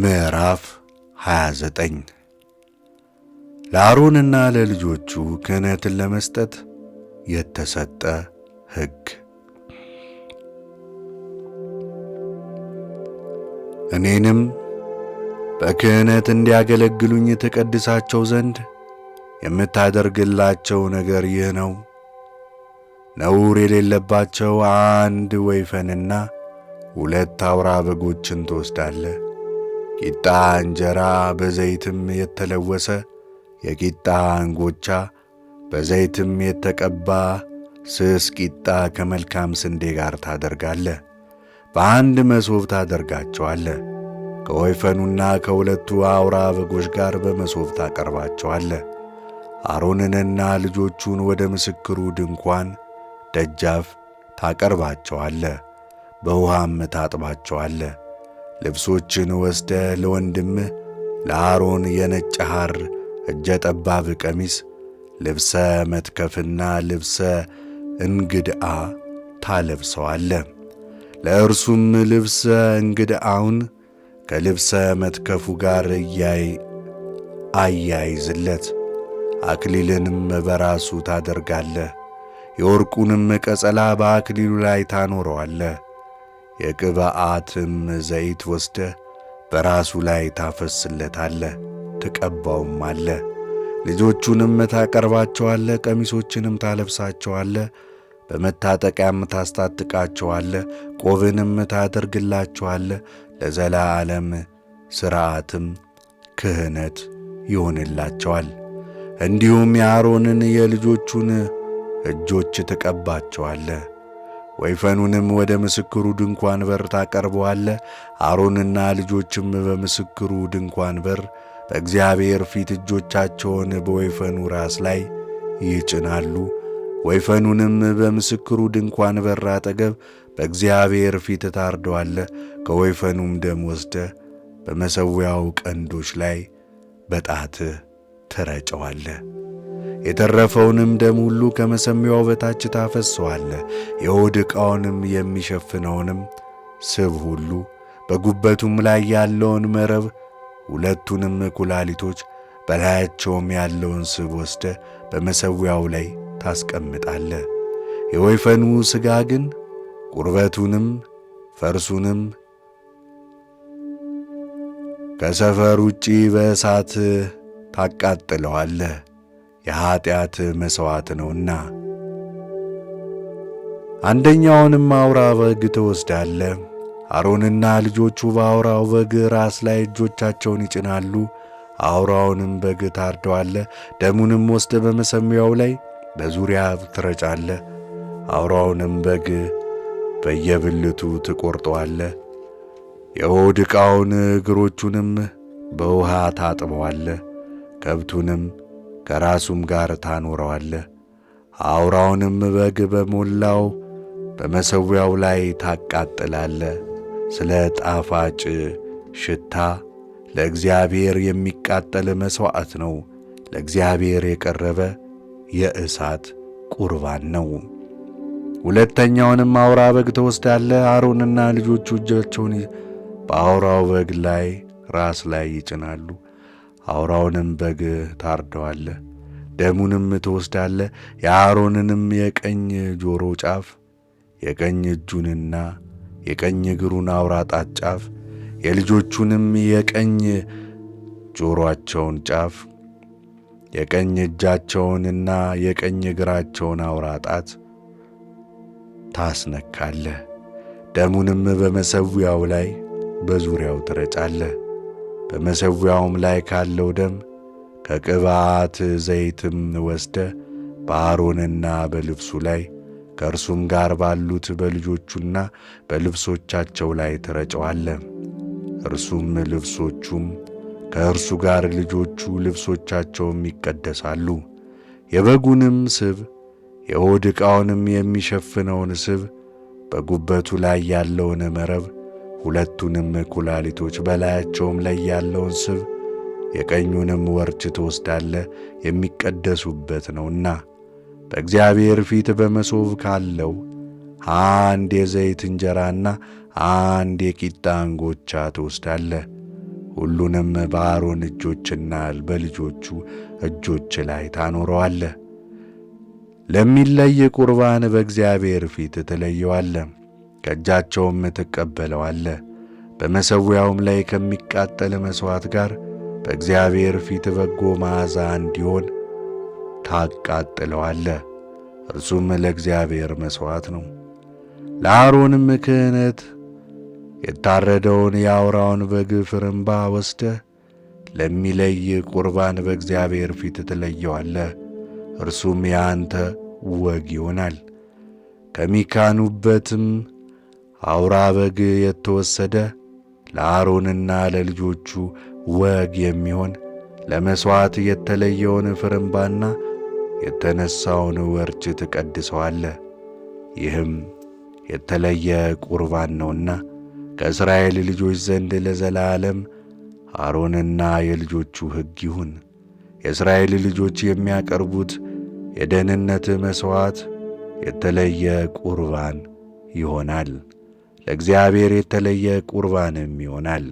ምዕራፍ 29 ለአሮንና ለልጆቹ ክህነትን ለመስጠት የተሰጠ ሕግ። እኔንም በክህነት እንዲያገለግሉኝ ትቀድሳቸው ዘንድ የምታደርግላቸው ነገር ይህ ነው። ነውር የሌለባቸው አንድ ወይፈንና ሁለት አውራ በጎችን ትወስዳለህ ቂጣ እንጀራ በዘይትም የተለወሰ የቂጣ እንጎቻ በዘይትም የተቀባ ስስ ቂጣ ከመልካም ስንዴ ጋር ታደርጋለ። በአንድ መሶብ ታደርጋቸዋለ። ከወይፈኑና ከሁለቱ አውራ በጎች ጋር በመሶብ ታቀርባቸዋለ። አሮንንና ልጆቹን ወደ ምስክሩ ድንኳን ደጃፍ ታቀርባቸዋለ። በውሃም ታጥባቸዋለ። ልብሶችን ወስደ ለወንድምህ ለአሮን የነጭ ሐር እጀ ጠባብ ቀሚስ ልብሰ መትከፍና ልብሰ እንግድአ ታለብሰዋለ። ለእርሱም ልብሰ እንግድአውን ከልብሰ መትከፉ ጋር እያይ አያይዝለት። አክሊልንም በራሱ ታደርጋለህ። የወርቁንም ቀጸላ በአክሊሉ ላይ ታኖረዋለህ። የቅብዓትም ዘይት ወስደ በራሱ ላይ ታፈስለታለ፣ ትቀባውም አለ። ልጆቹንም ታቀርባቸዋለ፣ ቀሚሶችንም ታለብሳቸዋለ፣ በመታጠቂያም ታስታጥቃቸዋለ፣ ቆብንም ታደርግላቸዋለ። ዓለም ሥርዓትም ክህነት ይሆንላቸዋል። እንዲሁም የአሮንን የልጆቹን እጆች ትቀባቸዋለህ። ወይፈኑንም ወደ ምስክሩ ድንኳን በር ታቀርበዋለ። አሮንና ልጆችም በምስክሩ ድንኳን በር በእግዚአብሔር ፊት እጆቻቸውን በወይፈኑ ራስ ላይ ይጭናሉ። ወይፈኑንም በምስክሩ ድንኳን በር አጠገብ በእግዚአብሔር ፊት ታርደዋለ። ከወይፈኑም ደም ወስደ በመሠዊያው ቀንዶች ላይ በጣት ትረጨዋለህ። የተረፈውንም ደም ሁሉ ከመሰሚያው በታች ታፈሰዋለህ። የሆድ ዕቃውንም የሚሸፍነውንም ስብ ሁሉ በጉበቱም ላይ ያለውን መረብ፣ ሁለቱንም ኩላሊቶች፣ በላያቸውም ያለውን ስብ ወስደ በመሠዊያው ላይ ታስቀምጣለ። የወይፈኑ ሥጋ ግን ቁርበቱንም ፈርሱንም ከሰፈር ውጪ በእሳት ታቃጥለዋለህ። የኀጢአት መሥዋዕት ነውና። አንደኛውንም አውራ በግ ትወስዳለ። አሮንና ልጆቹ በአውራው በግ ራስ ላይ እጆቻቸውን ይጭናሉ። አውራውንም በግ ታርደዋለ። ደሙንም ወስደ በመሰሚያው ላይ በዙሪያ ትረጫለ። አውራውንም በግ በየብልቱ ትቈርጠዋለ። የሆድ ዕቃውን እግሮቹንም በውሃ ታጥበዋለ። ከብቱንም ከራሱም ጋር ታኖረዋለህ። አውራውንም በግ በሞላው በመሠዊያው ላይ ታቃጥላለህ። ስለ ጣፋጭ ሽታ ለእግዚአብሔር የሚቃጠል መሥዋዕት ነው። ለእግዚአብሔር የቀረበ የእሳት ቁርባን ነው። ሁለተኛውንም አውራ በግ ትወስዳለህ። አሮንና ልጆቹ እጃቸውን በአውራው በግ ላይ ራስ ላይ ይጭናሉ። አውራውንም በግ ታርደዋለ፣ ደሙንም ትወስዳለ። የአሮንንም የቀኝ ጆሮ ጫፍ፣ የቀኝ እጁንና የቀኝ እግሩን አውራ ጣት ጫፍ፣ የልጆቹንም የቀኝ ጆሮአቸውን ጫፍ፣ የቀኝ እጃቸውንና የቀኝ እግራቸውን አውራ ጣት ታስነካለህ። ደሙንም በመሠዊያው ላይ በዙሪያው ትረጫለህ። በመሠዊያውም ላይ ካለው ደም ከቅባት ዘይትም ወስደ በአሮንና በልብሱ ላይ ከእርሱም ጋር ባሉት በልጆቹና በልብሶቻቸው ላይ ትረጨዋለ። እርሱም ልብሶቹም ከእርሱ ጋር ልጆቹ ልብሶቻቸውም ይቀደሳሉ። የበጉንም ስብ የሆድ ዕቃውንም የሚሸፍነውን ስብ በጉበቱ ላይ ያለውን መረብ ሁለቱንም ኩላሊቶች በላያቸውም ላይ ያለውን ስብ የቀኙንም ወርች ትወስዳለ የሚቀደሱበት ነውና በእግዚአብሔር ፊት በመሶብ ካለው አንድ የዘይት እንጀራና አንድ የቂጣ እንጎቻ ትወስዳለ። ሁሉንም በአሮን እጆችና በልጆቹ እጆች ላይ ታኖረዋለ። ለሚለይ ቁርባን በእግዚአብሔር ፊት ትለየዋለም። ከእጃቸውም አለ። በመሠዊያውም ላይ ከሚቃጠል መሥዋዕት ጋር በእግዚአብሔር ፊት በጎ መዓዛ እንዲሆን ታቃጥለዋለ። እርሱም ለእግዚአብሔር መሥዋዕት ነው። ለአሮንም ክህነት የታረደውን የአውራውን በግ ፍርምባ ወስደ ለሚለይ ቁርባን በእግዚአብሔር ፊት ትለየዋለ። እርሱም የአንተ ወግ ይሆናል። ከሚካኑበትም አውራ በግ የተወሰደ ለአሮንና ለልጆቹ ወግ የሚሆን ለመሥዋዕት የተለየውን ፍርምባና የተነሳውን ወርች ትቀድሰዋለ። ይህም የተለየ ቁርባን ነውና ከእስራኤል ልጆች ዘንድ ለዘላለም አሮንና የልጆቹ ሕግ ይሁን። የእስራኤል ልጆች የሚያቀርቡት የደህንነት መሥዋዕት የተለየ ቁርባን ይሆናል። ለእግዚአብሔር የተለየ ቁርባንም ይሆናል።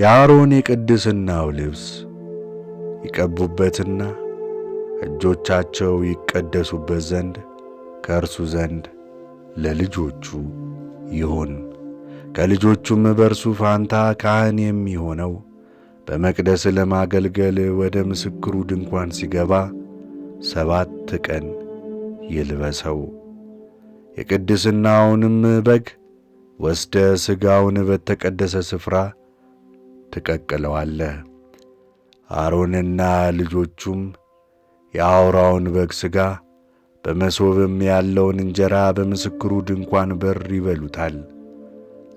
የአሮን የቅድስናው ልብስ ይቀቡበትና እጆቻቸው ይቀደሱበት ዘንድ ከእርሱ ዘንድ ለልጆቹ ይሁን። ከልጆቹም በእርሱ ፋንታ ካህን የሚሆነው በመቅደስ ለማገልገል ወደ ምስክሩ ድንኳን ሲገባ ሰባት ቀን ይልበሰው። የቅድስናውንም በግ ወስደ ሥጋውን በተቀደሰ ስፍራ ትቀቅለዋለህ። አሮንና ልጆቹም የአውራውን በግ ሥጋ በመሶብም ያለውን እንጀራ በምስክሩ ድንኳን በር ይበሉታል።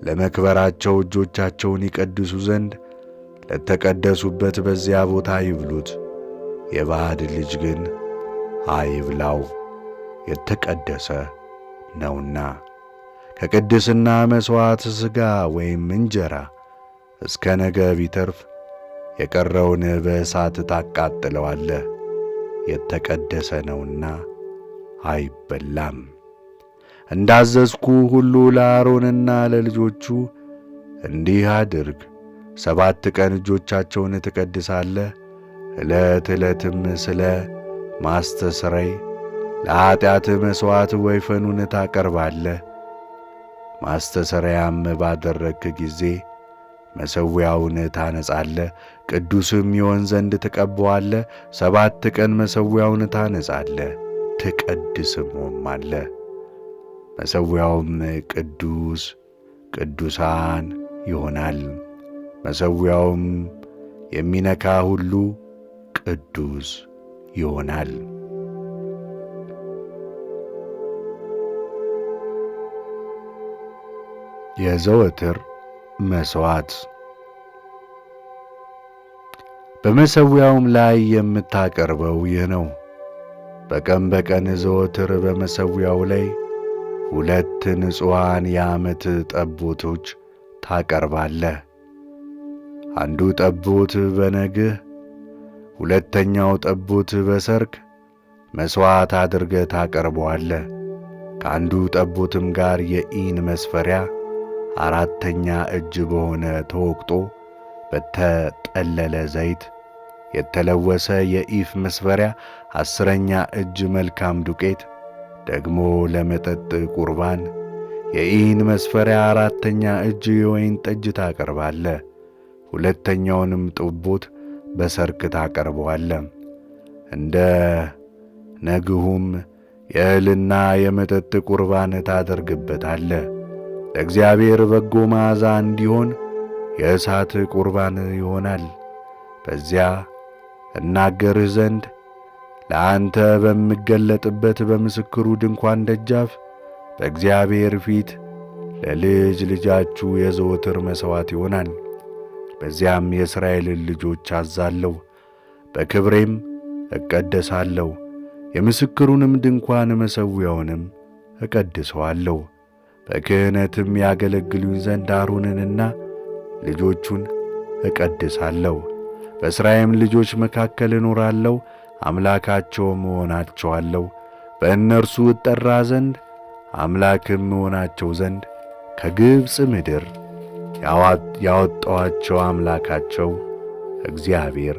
ለመክበራቸው እጆቻቸውን ይቀድሱ ዘንድ ለተቀደሱበት በዚያ ቦታ ይብሉት። የባዕድ ልጅ ግን አይብላው፣ የተቀደሰ ነውና ከቅድስና መሥዋዕት ሥጋ ወይም እንጀራ እስከ ነገ ቢተርፍ የቀረውን በእሳት ታቃጥለዋለ። የተቀደሰ ነውና አይበላም። እንዳዘዝኩ ሁሉ ለአሮንና ለልጆቹ እንዲህ አድርግ። ሰባት ቀን እጆቻቸውን ትቀድሳለህ። ዕለት ዕለትም ስለ ማስተስረይ ለኀጢአት መሥዋዕት ወይፈኑን ታቀርባለህ። ማስተሰሪያም ባደረግክ ጊዜ መሠዊያውን ታነጻለህ፣ ቅዱስም ይሆን ዘንድ ትቀባዋለህ። ሰባት ቀን መሠዊያውን ታነጻለህ፣ አለ መሠዊያውም ቅዱስ ቅዱሳን ይሆናል። መሠዊያውም የሚነካ ሁሉ ቅዱስ ይሆናል። የዘወትር መሥዋዕት በመሠዊያውም ላይ የምታቀርበው ይህ ነው። በቀን በቀን ዘወትር በመሠዊያው ላይ ሁለት ንጹሐን የዓመት ጠቦቶች ታቀርባለህ። አንዱ ጠቦት በነግህ፣ ሁለተኛው ጠቦት በሰርክ መሥዋዕት አድርገህ ታቀርበዋለህ። ከአንዱ ጠቦትም ጋር የኢን መስፈሪያ አራተኛ እጅ በሆነ ተወቅጦ በተጠለለ ዘይት የተለወሰ የኢፍ መስፈሪያ አስረኛ እጅ መልካም ዱቄት ደግሞ ለመጠጥ ቁርባን የኢን መስፈሪያ አራተኛ እጅ የወይን ጠጅ ታቀርባለ። ሁለተኛውንም ጥቦት በሰርክ ታቀርበዋለ። እንደ ነግሁም የእህልና የመጠጥ ቁርባን ታደርግበታለህ። ለእግዚአብሔር በጎ መዓዛ እንዲሆን የእሳት ቁርባን ይሆናል። በዚያ እናገርህ ዘንድ ለአንተ በምገለጥበት በምስክሩ ድንኳን ደጃፍ በእግዚአብሔር ፊት ለልጅ ልጃችሁ የዘወትር መሥዋዕት ይሆናል። በዚያም የእስራኤልን ልጆች አዛለሁ፣ በክብሬም እቀደሳለሁ። የምስክሩንም ድንኳን መሠዊያውንም እቀድሰዋለሁ። በክህነትም ያገለግሉኝ ዘንድ አሮንንና ልጆቹን እቀድሳለሁ። በእስራኤልም ልጆች መካከል እኖራለሁ፣ አምላካቸውም እሆናቸዋለሁ። በእነርሱ እጠራ ዘንድ አምላክም እሆናቸው ዘንድ ከግብፅ ምድር ያወጣኋቸው አምላካቸው እግዚአብሔር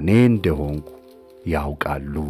እኔ እንደሆንኩ ያውቃሉ።